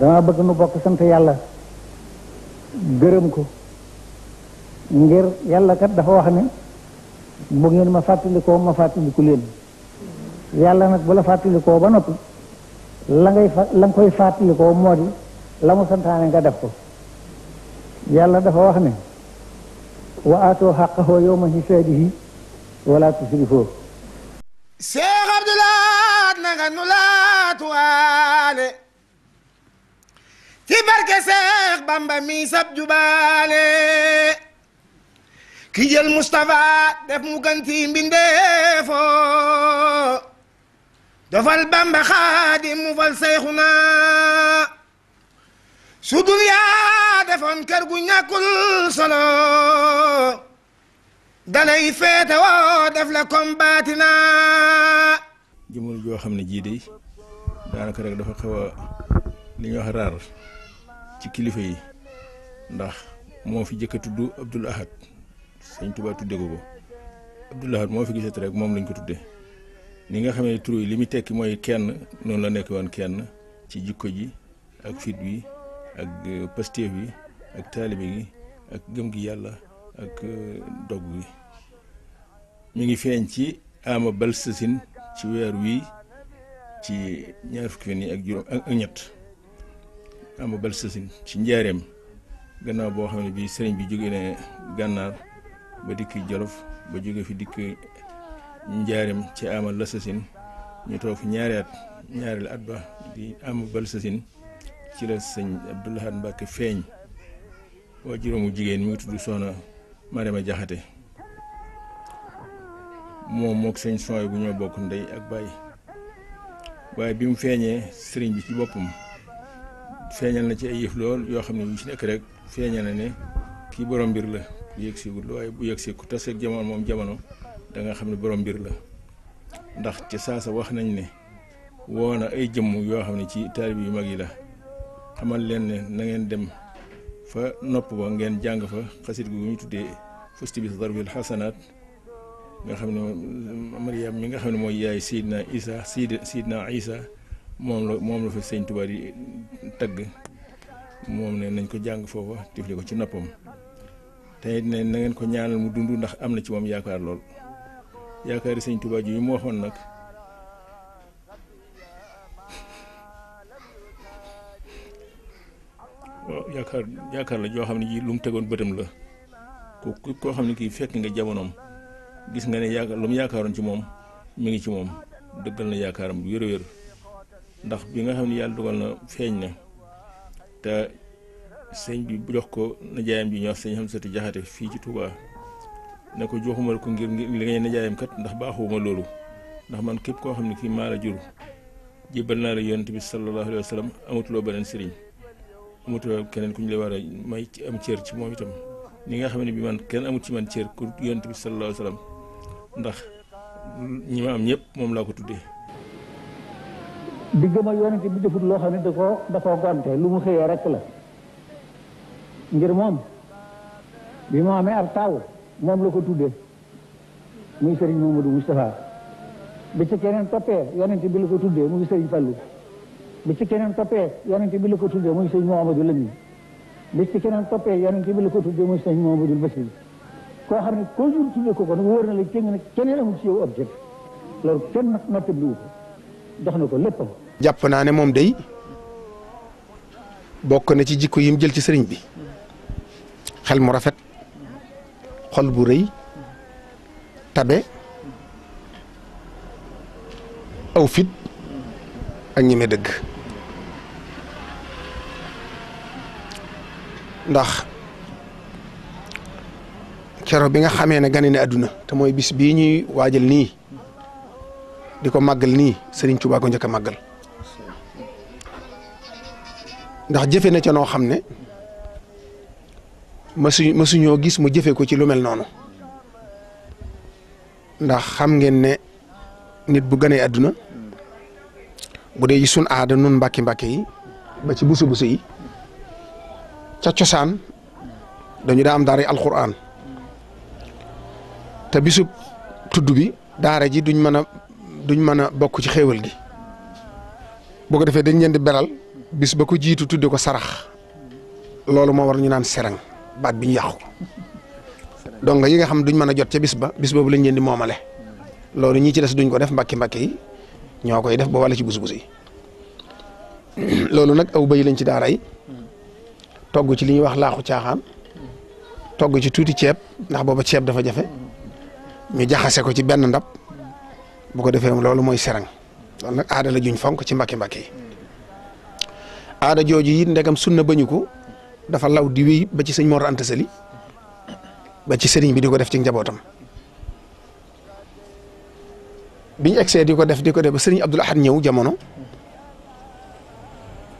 dama bëgg nu bokk sant yàlla gërëm ko ngir yàlla kat dafa wax ne bu ngeen ma fàttalikoo ma fàttaliku leen yàlla nag bu la fàttalikoo ba noppi la ngay fa la nga koy fàttalikoo moo di la mu santaane nga def ko yàlla dafa wax ne wa aatoo xaqahoo yawma hisaadihi wala tusrifoo Cheikh Abdoulaye na nga nu laatuwaale bamba mi sab jubaale ki jël Moustapha def mu ganti mbindeefo dofal bamba xaadim mu fal seyxuna su duniyaa defoon kër gu solo dalay feete def la kombatina jëmul joo xam ne jii de daanaka rek dafa xew a li ci kilifa yi ndax moo fi jëkk a tudd Abdul Ahad sëñ Tuubaa tudde ko ko Abdul moo fi gisati rek moom lañ ko tudde li nga xamee tur yi li muy tekki mooy kenn noonu la nekk woon kenn ci jukko ji ak fit wi ak euh, pastéef bi ak taalibe gi ak gëm gi yàlla ak euh, dog wi mu ngi feeñ ci ama balsasin ci weer wii ci ñaar fukki fan yi ak juróom ak ñett ama bal sësin ci njaareem gannaaw boo xam ne bii sëriñ bi jóge ne gànnaar ba dikk jolof ba jóge fi dikk njaareem ci ama la ñu toog fi ñaari at at ba di ama bal ci la sëñ Abdou Lahad Mbacke feeñ waa juróomu jigéen mi ngi tudd Soxna Marema Jaxate moom mook sëñ sooy bu ñoo bokk ndey ak baay waaye bi mu feeñee sëriñ bi ci boppam feeñal na ci ay yëf lool yoo xam ne yu ci nekk rek feeñal na ne kii borom mbir la bu yëg bu yëg si ku taseeg jamono moom jamono da nga xam ne borom mbir la ndax ci sa wax nañ ne woo na ay jëmm yoo xam ne ci taalibe yu mag yi la xamal leen ne na ngeen dem fa nopp ba ngeen jàng fa xasit gu ñu tuddee fusti bi darbil xasanaat nga xam ne Mariam mi nga xam ne mooy yaay Sidna Isa Sid Sidna Isa moom la moom la fa sëñ Tuubaa yi tagg moom ne nañ ko jàng foofa tifli ko ci nappam te it ne na ngeen ko ñaanal mu dund ndax am na ci moom yaakaar lool yaakaari sëñ Tuubaa ji mu waxoon nag waaw yaakaar la joo xam ne ji lu mu tegoon bëtam la ku koo xam ne kii fekk nga jamonoom gis nga ne yaakaar lu mu yaakaaroon ci moom mu ngi ci moom dëggal na yaakaaram wér-wér ndax bi nga xam ne yàlla dugal na feeñ na te sëñ bi jox ko nijaayam bi ñuy wax sëñ Hamsatu Jaxate fii ci Touba ne ko joxumal ko ngir li ngay kat ndax baaxuma loolu ndax man képp koo xam ne kii maa jur jébbal naa la yonent bi sallallahu alayhi wa amatuloo beneen sëriñ amatuloo keneen ku ñu la war a ci am cër ci moom itam ni nga xam ne bi man kenn amut ci man cër ku yonent bi sallallahu alayhi ndax ñi ma am ñëpp moom laa ko tuddee di gëm a yonente bi defut loo xam ne da ko da ko gonte lu mu xëyee rek la ngir moom bi mu amee ab taaw moom la ko tuddee muy sëriñ Mamadou Moustapha bi ci keneen toppee yonente bi la ko tuddee muy sëriñ Fallou bi ci keneen toppee yonente bi la ko tuddee muy sëriñ Mouhamadou Lamine bi ci keneen toppee yonente bi la ko tuddee muy sëriñ Mouhamadou Bassir koo xam ne koo jur tuddee ko kon wóor na la kenn keneen amul ci yow objet loolu kenn nattab liwu ko jox na ko léppam jàpp naa ne moom dey bokk na ci jikko yi jël ci sëriñ bi xel mu rafet xol bu rëy tabe aw fit ak ñime dëgg ndax kero bi nga xamee ne gane ne àdduna te mooy bis bii ñuy waajal nii di ko màggal nii sëriñ Tuubaa ko njëkk a màggal ndax jëfe na ca noo xam ne masu masuñoo gis mu jëfe ko ci lu mel noonu ndax xam ngeen ne nit bu gënee àdduna bu dee suñ aada nun mbakki mbakki yi ba ci busu busu yi ca cosaan dañu daa am daara yi alquran te bisub tudd bi daara ji duñ mën a duñ mën a bokk ci xéewal gi boo ko defee dañ leen di beral bis ba ko jitu tudde ko sarax lolu mo war ñu naan serang baat biñu yaxu yàqu donc yi nga xam duñ mëna jot ci bis ba bis bobu lañ ñëndi di lolu ñi ci dess duñ ko def mbakki mbakki yi def bo wala ci bus-bus yi loolu nag aw bay lañ ci yi togg ci liñ wax laxu caaxaan togg ci tuuti ciep ndax bobu ciep dafa jafé ñu jaxase ko ci ben ndab bu ko defé lolu moy serang nak aada la juñ fonk ci aada jooju yi ndegam sunna bañu ko dafa law di wéy ba ci sëñ Mor Anta Sali ba ci sëriñ bi di ko def ci njabootam biñ egsee di ko def di ko def ba sëriñ Abdul Ahad ñëw jamono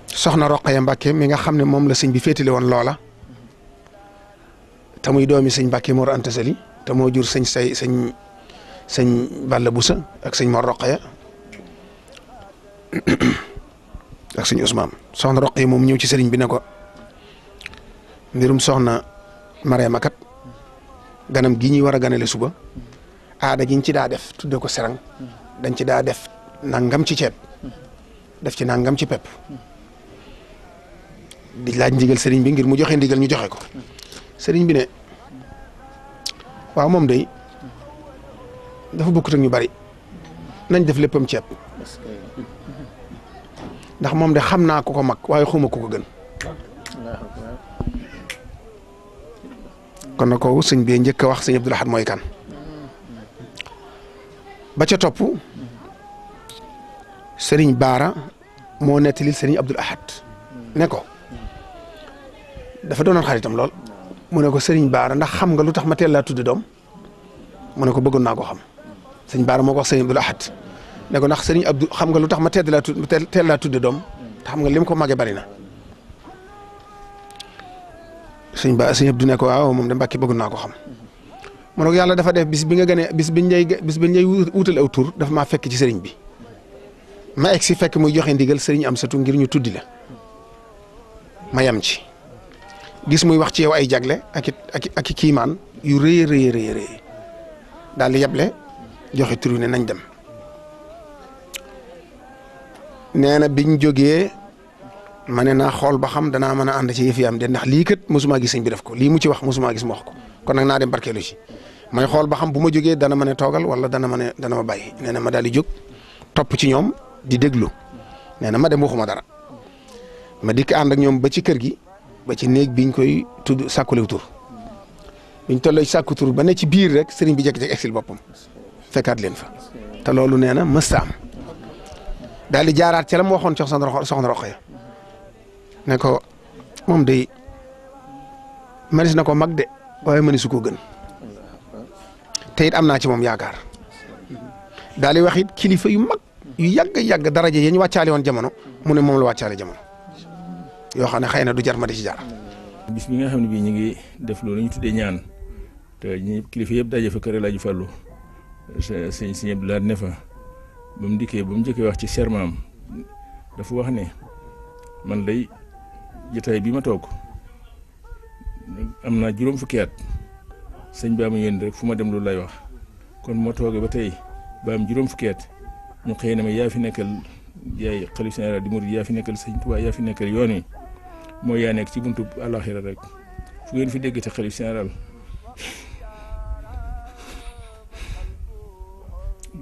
soxna Roqaya Mbàkke mi nga xam ne moom la sëñ bi féetale woon loola te muy doomi sëñ Mbàkke Mor Anta Sali te moo jur sëñ say sëñ sëñ Balla Busa ak sëñ ak suñu soxna roq yi moom ñëw ci sëriñ bi ne ko mbirum soxna Mariama kat ganam gi ñuy war a ganale suba aada gi ñu ci daa def tudde ko serang dañ ci daa def nangam ci ceeb def ci nangam ci pepp di laaj ndigal sëriñ bi ngir mu joxe ndigal ñu joxe ko sëriñ bi ne waaw moom dey dafa bokkut ñu bari nañ def léppam ceeb ndax moom de xam naa ko ko mag waaye xuma ko ko gën kon na ko sëñ bi njëkk a wax sëñ Abdou Lahad mooy kan ba ca topp sëriñ Baara moo nettali sëriñ Abdou Lahad ne ko dafa doonoon xaritam lool mu ne ko sëriñ Baara ndax xam nga lu tax ma teel laa tudd doom mu ne ko bëggoon naa ko xam sëñ Baara moo ko wax sëriñ Abdou Lahad ne ko ndax sëriñ Abdou xam nga lu tax ma tedd laa tudd teel laa doom te xam nga lim ko màggee bari na. sëñ ba sëñ Abdou ne ko waaw moom de Mbàkke bëgg naa ko xam. mu ne ko yàlla dafa def bis bi nga gënee bis bi ñay bis bi ñay wutal aw tur dafa maa fekk ci sëriñ bi ma egg si fekk muy joxe ndigal sëriñ am satu ngir ñu tuddi la ma yam ci gis muy wax ci yow ay jagle ak ak ak kiimaan yu rëy rëy rëy daal di yeble joxe tur ne nañ dem. nee na biñ jógee ma ne naa xool ba xam danaa mën a ànd ci yëf yi am de ndax lii kat mosuma gis bi def ko lii mu ci wax mosuma gis mu wax ko kon nag naa dem barkeelu ci may xool ba xam bu ma jógee dana mën a toogal wala dana mën a dana ma bàyyi nee na ma daal di jóg topp ci ñoom di déglu nee na ma dem waxuma dara ma dikk ànd ak ñoom ba ci kër gi ba ci néeg biñ koy tudd sàkkulew tur biñ tolloo ci sàkku ba ne ci biir rek sëriñ bi jékki-jékki exil boppam fekkaat leen fa te loolu nee na mësta am dali di jaaraat ci lam waxon waxoon ci soxna Roqaya ne ko mom de manis nako mag de way manis ko gën te it am ci mom yaakar daal di kilifa yu mag yu yag yag daraja yi ya ñu wàccaale jamono mu ne la wàccaale jamono yo xane xeyna du jar ma di ci jaar. bis bi nga xamni bi ñi ngi def lu ñu tuddé ñaan te ñi kilifa yeb dajé fa kër la fallu Abdoulaye nefa ba mu dikkee ba mu njëkkee wax ci serment am dafa wax ne man day jotaay bi ma toog am naa juróom fukki at sëñ Ba ma yónni rek fu ma dem loolu lay wax kon moo toogee ba tey ba am juróom fukki at ñu xëy na ma yaa fi nekkal yaay xalif général di murid yaa fi nekkal sëñ Tuubaa yaa fi nekkal yoon yi mooy yaa nekk ci buntu àllaaxira rek fu ngeen fi dégg te xalif général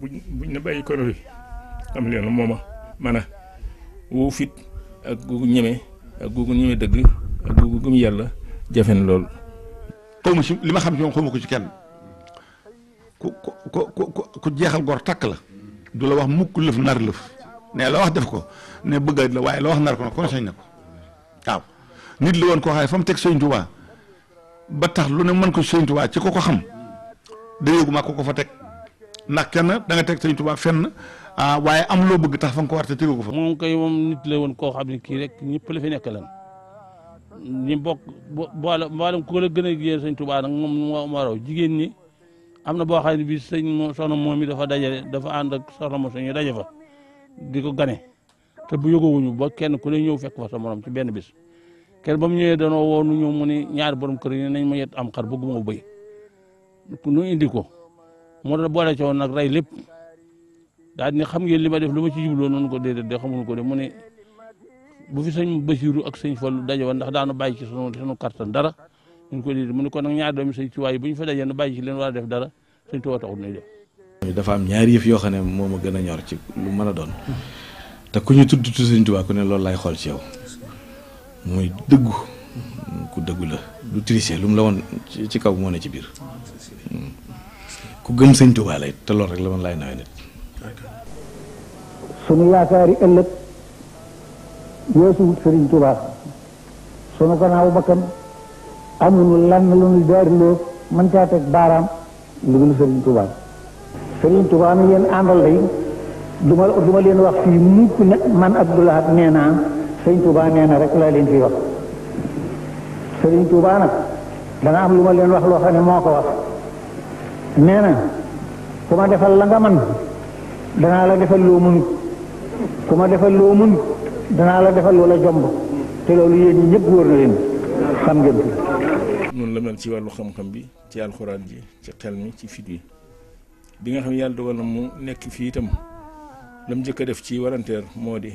buñ buñ na bàyyi koro yi xam leen mooma man a woo fit ak googu ñeme ak googu ñeme dëgg ak googu gëm yàlla jafen lool xaw ma si li ma xam ci moom xaw ma ko ci kenn ku ku ku ku jeexal gor takk la du la wax mukk lëf nar lëf ne la wax def ko ne bëgg la waaye la wax nar ko nag kon sañ na ko waaw nit la woon koo ko sëñ xam da yëgu ko ko fa teg ndax kenn da nga teg sëñ Tuubaa fenn ah, waaye am loo bëgg tax fa nga ko war te tegu ko fa. moom kay moom nit la woon koo xam ne kii rek ñëpp la fi nekk lan ñi bokk boole mboolem ku la gën a yéen jigéen ñi am na boo xam ne bii sëñ moom moom mi dafa dajale dafa ànd ak soxna moom suñu daje fa di ko gane te bu yëgoowuñu ba kenn ku ne ñëw fekk fa sa morom ci benn bis kenn ba mu ñëwee danoo woo nu ñëw mu ni ñaari borom kër nañ ma yet am xar bëgguma bëy nu indi ko. moo tax boole coono nag rey lépp daal ni xam ngeen li ma def lu ma ci jubloo noonu ko déedéet de xamul ko de mu ne bu fi sëñ Basiru ak sëñ Fallu daje woon ndax daanu bàyyi ci sunu sunu kattan dara ñu ko déedéet mu ne kon nag ñaari doomi sëñ ci waay bu ñu fa dajee nu bàyyi ci leen war a def dara sëñ Tuubaa taxul ñuy dafa am ñaari yëf yoo xam ne moo ma gën a ñor ci lu mën a doon te ku ñu tudd tudd sëñ Tuubaa ku ne loolu laay xool ci yow muy dëggu ku dëggu la du tricher lu mu la woon ci kaw moo ne ci biir. ku gëm sëñ Tuubaa te loolu rek la man laay nawe nit sunu yaakaari ëllëg yeesuwut sëriñ Tuubaa sunu gannaaw bakkan amuñu lan lu ñu daariloo mën caa teg baaraam lu dul sëriñ Tuubaa sëriñ Tuubaa mi yéen àndal day du leen wax fii mukk ne man Abdou Lahad nee naa sëriñ Tuubaa nee na rek laa leen fii wax sëriñ Tuubaa nag dana am lu leen wax loo xam ne wax nee na ku ma defal la nga man danaa la defal loo mënut ku ma defal loo mun danaa la defal loola jomb te loolu yéen ñi ñëpp wóor na leen xam ngeen ko. noonu la mel ci wàllu xam-xam bi ci alxuraan ji ci xel mi ci fit wi bi nga xam yàlla dogal na mu nekk fii itam lam njëkk a def ci walanteer moo di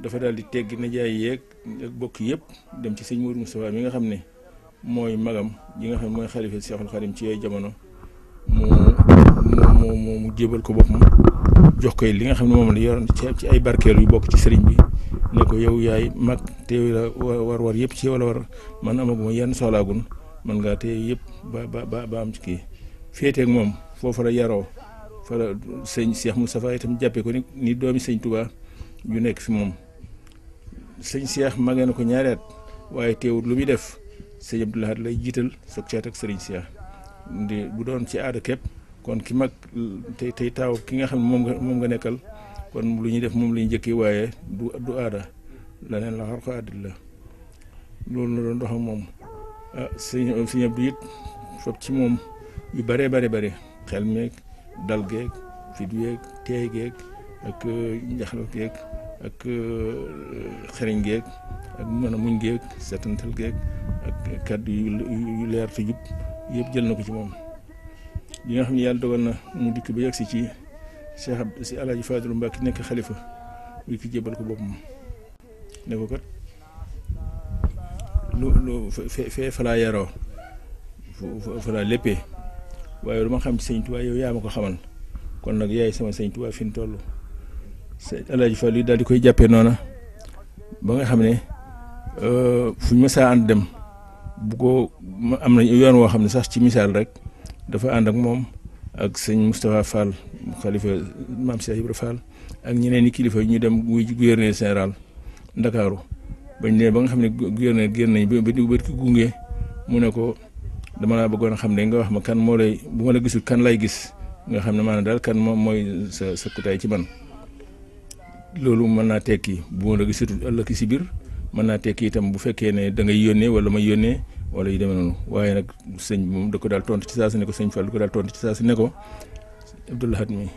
dafa daal di teggi na jaay yeeg ak bokk yëpp dem ci sëñ Mourou Moustapha mi nga xam ne mooy magam yi nga xam ne mooy xalifa Seexul Xadim ci yooyu jamono. mu mu mu mu jébal ko boppam jox koy li nga xam ne moom la yor ci ay barkeel yu bokk ci sëriñ bi ne ko yow yaay mag te la war war yëpp ci wala war man amaguma yenn soxlaagun man ngaa te yëpp ba ba ba am ci kii féeteeg moom foofa la yaroo fa la sëñ Cheikh Moustapha itam jàppee ko ni ni doomi sëñ Touba yu nekk fi moom sëñ Cheikh magee na ko ñaareet waaye teewut lu muy def sëñ Abdoul Ahad lay jiital soog caat ak sëriñ Cheikh di bu doon ci aada képp kon ki mag tey tey taaw ki nga xam ne moom nga moom nga nekkal kon lu ñuy def moom la ñu waaye du du aada leneen la xar ko àddit la loolu la doon dox moom ah sëñ sëñ Abdou it fab ci moom yu bare bare bare xel meeg dal geeg fit yeeg teey geeg ak njaxlal geeg ak xeriñ geeg ak mën a muñ geeg setantal geeg ak kàddu yu leer te yëpp jël na ko ci moom li nga xam ne yàlla dogal na mu dikk ba yegsi ci Cheikh Ab si El Hadj Fadilou Mbacke nekk xalifa mu dikk jébal ko boppam ne ko lu lu fe fee falaa yaroo falaa léppee waaye lu ma xam ci sëñ Tuubaa yow yaa ma ko xamal kon nag yaay sama sëñ Tuubaa fi mu toll El Hadj Fadilou dal di koy jàppee noona ba nga xam ne euh, fu ñu ma saa ànd dem. bu ma am na yoon woo xam ne sax ci misaal rek dafa ànd ak moom ak sëñ Moustapha Fall xalifa maam Cheikh Ibra Fall ak ñeneen i kilifa ñu dem wuy gouverneur Ndakaaru bañ ne ba nga xam ne gouverneur génn nañ ba ba ki gunge mu ne ko dama laa bëggoon a xam ne nga wax ma kan moo lay bu ma la gisul kan lay gis nga xam ne maanaam daal kan moom mooy sa sa kutaay ci man loolu mën naa tekki bu ma la gisatul ëllëg si biir. man naa tekki itam bu fekkee ne da yónnee wala may yónnee wala yu demee noonu waaye nag sëñ bi moom da ko daal tontu ci saa si ne ko sëñ Fall da ko daal tontu ci saa si ne ko Abdou mi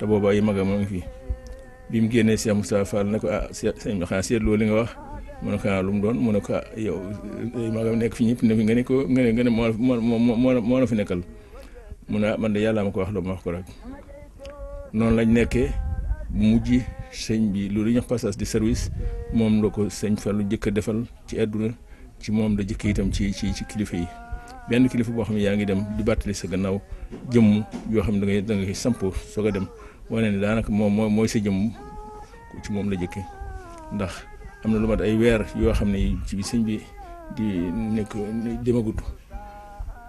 te booba ay magam a ngi fi bi mu génnee Cheikh Moustapha Fall ne ko ah sëñ bi xanaa seetloo li nga wax mu ne kaa ah, lu mu doon mu ne ko ah, yow ay magam nekk fi ñëpp ne nga ko nga nga ne moo moo moo la fi nekkal mu ne ah, man de yàlla ma ko wax loolu ma wax ko rek noonu lañ nekkee. bu mujj sëñ bi loolu ñuy wax passage de service moom la ko sëñ Fallou njëkk a defal ci àdduna ci moom la jëkk itam ci ci ci kilifa yi benn kilifa boo xam ne yaa ngi dem di bàttali sa gannaaw jëmm yoo xam ne da ngay da ngay samp a dem wane ne daanaka moom mooy mooy sa jëmm ci moom la jëkke ndax am na lu mat ay weer yoo xam ne ci sëñ bi di nekk demagut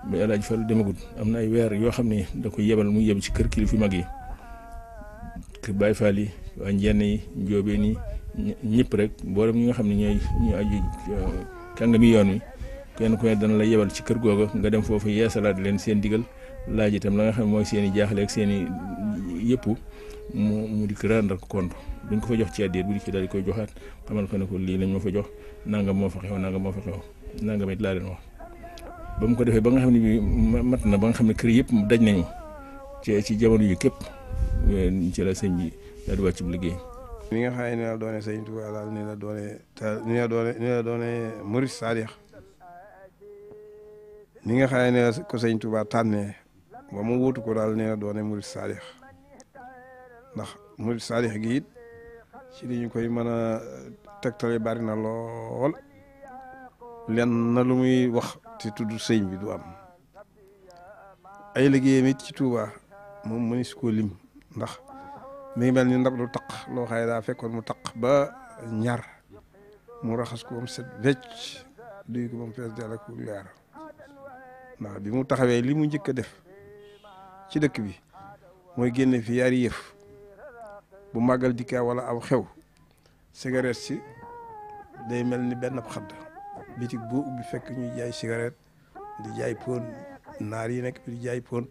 ba El demagut am na ay weer yoo xam ne da koy yebal mu yeb ci kër kilifa mag yi. ak Baye Fall yi waa Njenn yi Njóobeen yi ñëpp rek mboolem ñi nga xam ne ñooy ñu aju euh, kàngami yoon wi kenn ku ne dana la yebal ci kër googa nga dem foofu yeesalaat leen seen digal laaj itam la nga xam ne mooy seen i jaaxle ak yëpp di ko rendre compte duñ ko fa jox ci addiya bu di ci daal di koy ne ko lii lañ ma fa jox nangam moo fa xew nangam moo fa xew nangam it laa leen wax. ba mu ko defee ba nga xam ne bii mat na ba nga xam ne kër yëpp daj nañu ci ci jamono yu képp. ci la sëñ bi liggéey. ni nga xam ne ni la doone sëñ Tuubaa daal ni la doone ni la doone ni saadix ni nga xam ne ko sëñ Tuubaa tànnee ba mu wuutu ko daal ni la doone murid saadix ndax murid saadix gi it ci li koy mën a tegtale bari na lool lenn na lu muy wax te tudd sëñ bi du am ay liggéeyam it ci Tuubaa moom mënees koo lim ndax mi ngi mel ni ndab lu taq loo xay daa fekkoon mu taq ba ñar mu raxas ko am set wecc duy ko ba mu fees dell ak leer ndax bi mu taxawee li mu njëkk a def ci dëkk bi mooy génne fi yaari yëf bu màggal dikkaa wala aw xew cigarette si day mel ni benn xadd bitik boo ubbi fekk ñuy jaay cigarette di jaay pon naar yi nekk di jaay pon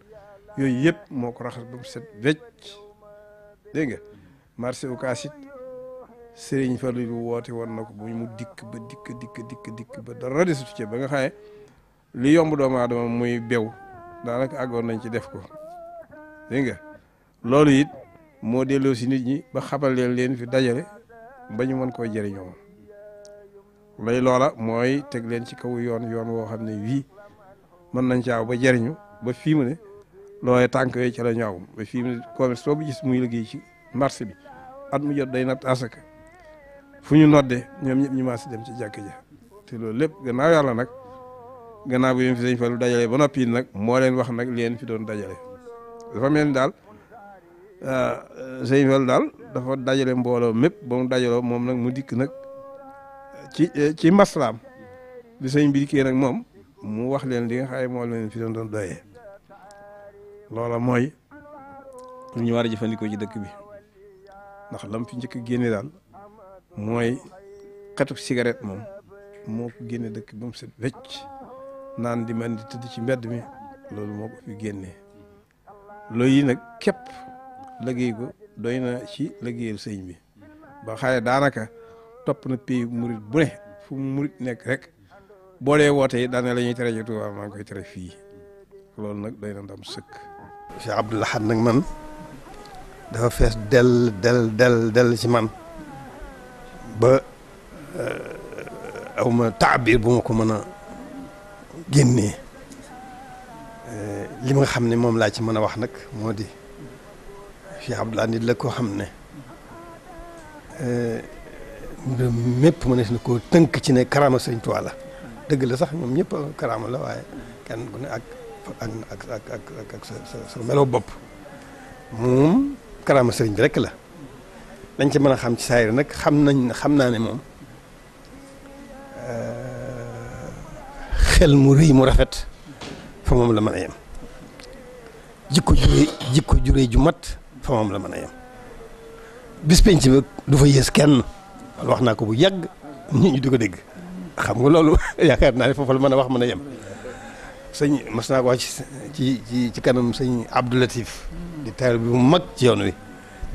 yooyu yëpp moo ko raxas ba mu set wecc dégg nga marché Ocass it Serigne Fallou woote woon na ko bu mu dikk ba dikk dikk dikk dikk ba dara desatu ci ba nga xaye li yomb doomu aadama muy bew daanaka àggoon nañ ci def ko dégg nga loolu it moo delloo si nit ñi ba xamal leen leen fi dajale ba ñu mën koo jëriñoo lay loola mooy teg leen ci kaw yoon yoon woo xam ne wii mën nañ caaw ba jariñu ba fii mu ne loolee tànk yooyu ca la ñaaw ba fii mu commerce soo bu gis muy liggéey ci marché bi at mu jot day natt asaka fu ñu noddee ñoom ñëpp ñu maas dem ci jàkk ja te loolu lépp gannaaw yàlla nag gannaaw bi yéen fi ba noppi nag moo leen wax nag leen fi doon dajale dafa daal euh, sëñ Fallu daal dafa dajale mbooloo mépp ba mu moom nag mu dikk nag ci euh, ci maslaam bi bi dikkee nag moom mu wax leen li nga xam moo leen fi doon doon doyee loola mooy lu ñu war a jëfandikoo ci dëkk bi ndax lam fi njëkk génne daal mooy xetu cigarette moom moo ko génne dëkk ba mu set wecc naan di man di tëdd ci mbedd mi loolu moo ko fi génnee loolu yi nag képp liggéey ko doy na ci liggéeyal sëñ bi ba xaye daanaka topp na pays murit bu fu mu murit nekk rek boolee woote yi daane la ñuy tere ci Tuubaa maa ngi koy tere fii loolu nag doy na ndam sëkk Cheikh Abdou Lahad nag man dafa fees dell del del del ci man ba eh, awma ma taabir bu ma ko mën a génnee eh, li nga xam ne moom laa ci mën a wax nag moo di Cheikh Abdou Lahad nit la koo xam ne eh, mépp mënees na koo tënk ci ne karaama Sëriñ Tuubaa la dëgg la sax ñoom ñëpp karaama la waaye kenn ku ak ak ak ak ak ak melo bopp moom karaama sëriñ bi rek la dañ ci mën a xam ci saayir nag xam nañ xam naa ne moom euh, xel mu rëy mu rafet fa moom la mën a yem jikko jure jikko jure ju mat fa moom la mën a yem bis penc ba du fa yées kenn wax naa ko bu yàgg ñu ñu di ko dégg xam nga loolu yaakaar naa ne foofu la mën a wax mën a yem sëñ mas naa ko wax ci ci ci kanam sëñ Abdoulatif di taal bi mu mag ci yoon wi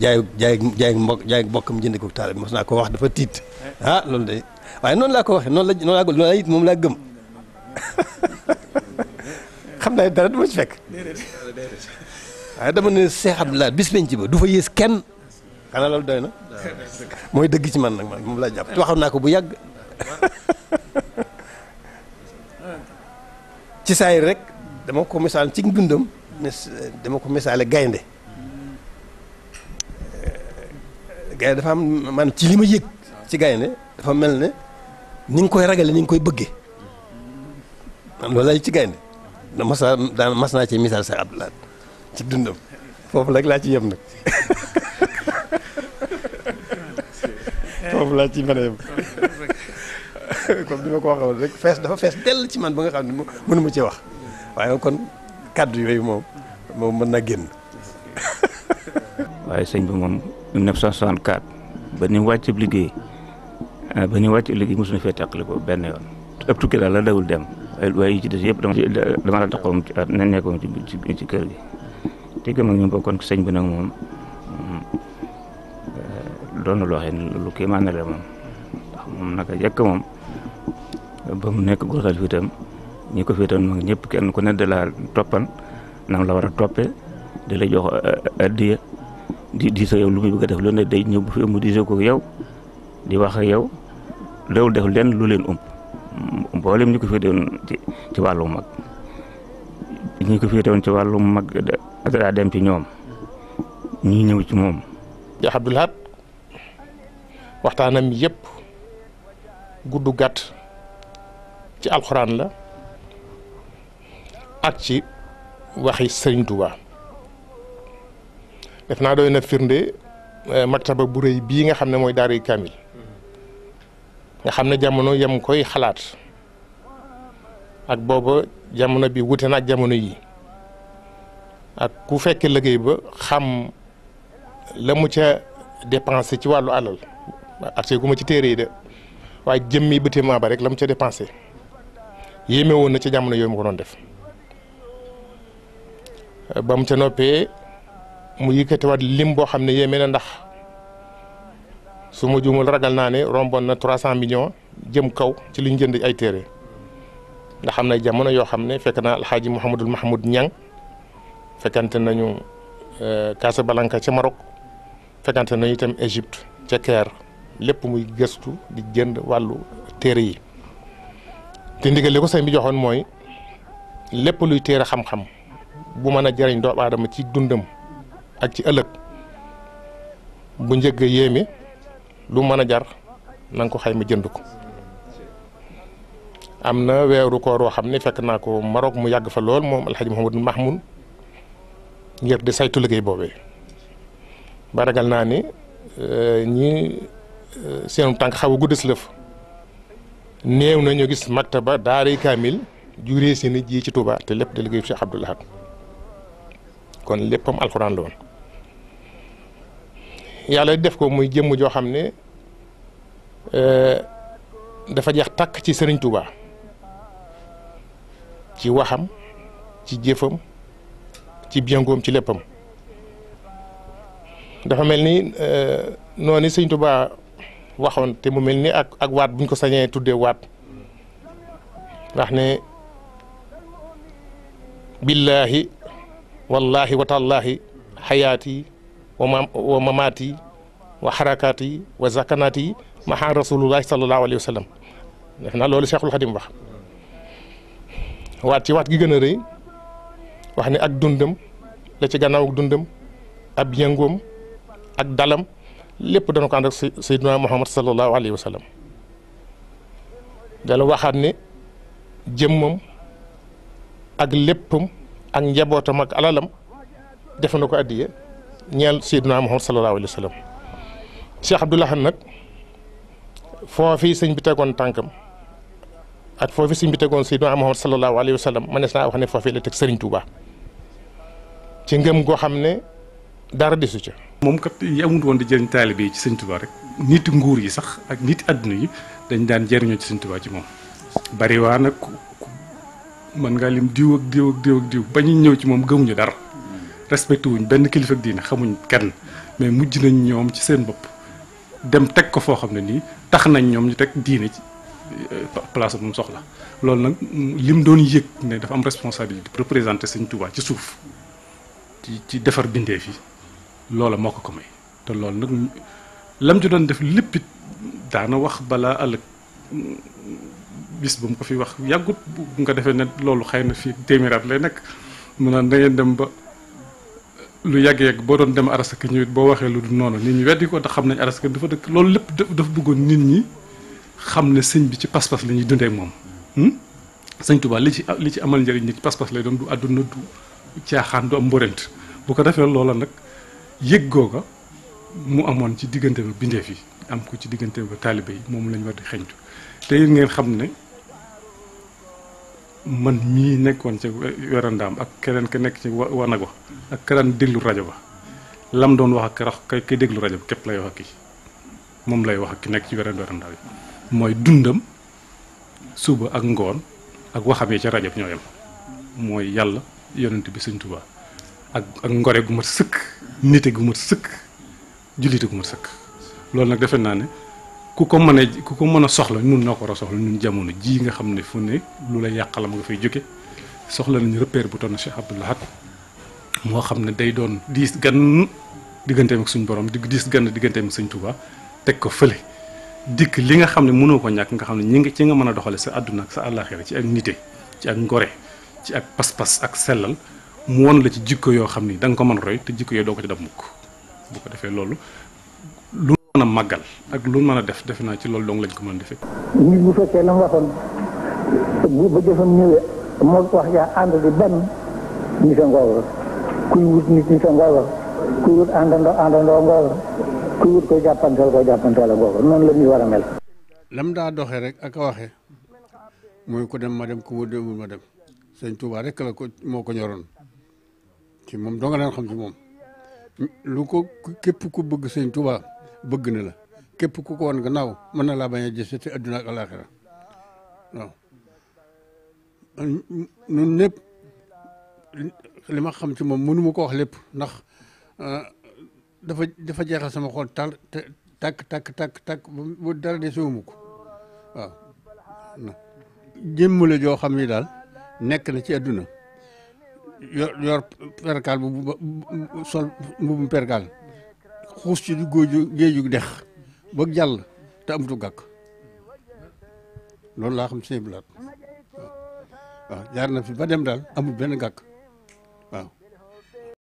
jaay jaay jaay mbokk jaay mbokkam jënd ko taal bi mas naa ko wax dafa tiit ah loolu de waaye noonu laa ko waxee noonu la noonu laa ko laa gëm xam naa dara du ma ci fekk waaye dama ne Cheikh Abdoulaye bis penc ba du fa yées kenn xanaa loolu doy na mooy dëgg ci man nag man moom laa jàpp waxoon naa ko bu yàgg ci saay rek dama ko misaal ci dundam dama ko misaale gaynde eh, gaynde dafa am man ci li ma yëg ci gaynde dafa mel ni ni nga koy ragale ni nga koy bëggee man loolu lay ci gaynde da mas daan mas naa ci misaal sax Abdoulaye ci dundam foofu rek laa ci yem nag laa ci mën a yem comme ni ko waxoon dafa fees man ba nga xam ne mu ma ci wax waaye kon kàddu yooyu moom moom mën na génn. waaye sëñ bi moom 1964 ba ni wàcc liggéey ah, ba ni wàcc liggéey mosu ñu fee teqali ko benn yoon. ëpp tukki daal la dawul dem waaye yi ci des yëpp da dama la taxawoon ci at ah, nekkoon ci ci kër gi te bi nag moom mm, eh, doon na loo ne lu kéemaan la moom ndax moom naka jekk moom. ba mu nekk góor xalifa itam ñi ko féetoon mag ñëpp kenn ku ne da toppal nam la war a toppe di la jox eh, eh, addiya di di sa lu muy bëgg def lu ne day ñëw bu fi mu diisoo ko yow di wax ak yow dawul def lenn lu leen ump mboolem ñi ko féetoon ci ci wàllu mag ñi ko féetoon ci wàllu mag dem ci ñoom ñi ñëw ci moom. Cheikh Abdou Lahad waxtaanam yëpp gudd gàtt. ci alxuraan la ak ci waxi Sëriñ Tuubaa def naa doy na firnde eh, maktaba bu rëy bii nga xam ne mooy daaray Kaamil nga xam ne jamono yam koy xalaat ak booba jamono bi wute na jamono yi ak ku fekkee liggéey ba xam la mu ca dépensé ci wàllu alal ak see gu ma ci téere yi de waaye jëmmi bâtiment ba rek la mu ca dépensé yéeme woon na ci jamono yooyu mu ko doon def ba mu ca noppee mu yëkkatiwaat lim boo xam ne yéeme na ndax su ma juumul ragal naa ne romboon na trois cent millions jëm kaw ci li jënd ay téere ndax xam ne jamono yoo xam ne fekk naa alxaaji Mouhamadul Mahmoud Niang fekkante nañu euh, Casablanca ca Maroc fekkante nañu itam Égypte ca Caire lépp muy gëstu di jënd wàllu téere yi. te ndigal ko sëñ bi joxoon mooy lépp luy téere xam-xam bu mën a jariñ doo aadama ci dundam ak ci ëllëg bu njëgg yéeme lu mën a jar na ko xayma jënd ko am na weeru koor woo xam ne fekk naa ko Maroc mu yàgg fa lool moom a alxaji Mouhamadou Mahmoun ngir di saytu liggéey boobee baragal naa ni euh, ñi euh, seenum tànk xaw a guddis néew nañu gis maktaba daaray kaamil ju réesee ni ji ci Touba te lépp di liggéeyu Cheikh Abdoul Ahad kon léppam alxuraan la yàlla def ko muy jëmm joo xam ne eh, dafa jeex takk ci Serigne Touba ci waxam ci jëfam ci jëngoom ci léppam dafa mel ni eh, noonu Serigne Touba. waxoon te mu mel ni ak ak waat buñ ko sañee tudde waat wax ne billaahi wallaahi wa tallaahi xayaati wa mamaati wa xarakaati wa zakanaati maha rasulullahi sallallahu alayhi wa sallam loolu Cheikhul Xadim wax waat ci waat gi gën a rëy wax ne ak dundam la ci gannaaw ak dundam ab yëngoom ak dalam lépp dana ko ànd ak sayyidina Muhammad sallallahu alayhi wa sallam dala waxaat ne jëmmam ak léppam ak njabootam ak alalam def ko addiye ñeel sayyidina Muhammad sallallahu alayhi wa sallam Cheikh Abdoul Ahad nag foofii sëñ bi tegoon tànkam ak foofi sëñ bi tegoon sayyidina Muhammad sallallahu alayhi wa sallam manees naa wax ne foofii la teg Sëriñ Tuuba ci ngëm goo xam ne dara desu ca moom kat yi amut woon di jëriñ taalibe yi ci sëñ Tuubaa rek nit nguur yi sax ak nit àdduna yi dañ daan jëriñoo ci sëñ Tuubaa ci moom bari waa nag mën ngaa lim diw ak diw ak ba ñu ñëw ci moom gëmuñu dara respecté wuñ benn kilifa diine xamuñ kenn mais mujj nañ ñoom ci seen bopp dem teg ko foo xam ne nii tax nañ ñoom ñu teg diine ci euh, place bu mu soxla loolu nag lim doon yëg ne dafa am responsabilité représenté Sëñ Tuubaa ci suuf ci ci defar bindee fii Lola moo ko ko may te loolu nag lam ci doon def léppit daana wax bala ëllëg bis bu mu ko fi wax yàggut bu nga defee ne loolu xëy na fii téeméeraat lay nekk mu naan da dem ba lu yàgg yàgg boo doon dem arasaka ñu boo waxee lu du noonu nit ñi weddi ko te xam nañ arasaka dafa dëkk loolu lépp dafa bëggoon nit ñi xam ne sëñ bi ci pas-pas la ñuy dundee moom hmm? sëñ tubaa li ci li ci amal njëriñ ni ci pas-pas lay doon du àdduna du caaxaan du am mbërënt bu ko defee loola nag yëg googa mu amoon ci diggante ba bindeef yi am ko ci diggante ba taalibe yi moom lañ war di xentu te it ngeen xam ne man mii nekkoon ci werandaam ak keneen ka nekk ci wanag wa ak ka daan déglu rajo ba lam doon wax ak rax kay déglu rajo ba képp lay wax ak kii moom lay wax ak ki nekk ci werand werandaam yi mooy dundam suba ak ngoon ak waxam yi ca rajo bi ñoo yem mooy yàlla yonant bi sëñ Tuubaa ak ak gu seuk nite gu mat seuk julité gu mat seuk lool nak defe naa ku ko mën ku ko soxla ñun noo ko soxla ñun jamono ji nga xamné fu né lu la yàqalam nga fay jóge soxla nañu repère bu ton Cheikh Abdoulahat moo day doon dis gan digënté ak suñu borom di dis gan digënté ak suñu Touba tek ko feulé dik li nga xamné mëno ko ñak nga xamné ñi nga ci nga mëna doxale sa aduna ak sa ci ak nite ci ak ngoré ci ak pas-pas ak selal mu won la ci jikko yoo xam ni da nga ko mën roy te jikko yooyu doo ko ci def mukk bu ko defee loolu lu mën a màggal ak lu mën a def defe naa ci loolu dong lañ ko mën a la mu waxoon bu ba koy jàppanteel koy jàppanteel war a mel. lam daa doxe rek ak a waxee mooy dem ma dem ku mu demul ma dem sëñ Tuubaa rek la ko moo ko ñoroon. ci moom doo nga xam ci moom lu ko képp ku bëgg sëñ Tuubaa bëgg na la képp ku ko woon gannaaw mën na laa bañ a gis te adduna ak alaaxira waaw ñun ñëpp li ma xam ci moom mënu ko wax lépp ndax euh, dafa dafa jeexal sama xool takk takk takk tàkk tàkk bu dara de suumu ko waaw jëmm la joo xam ni daal nekk na ci adduna yor yor perkaal bu sol mbubum perkaal xuus ci góoju géeju dex ba jàll ta amatu gàkk loolu laa xam seen bilaat waaw jaar na fi ba dem daal amul benn gàkk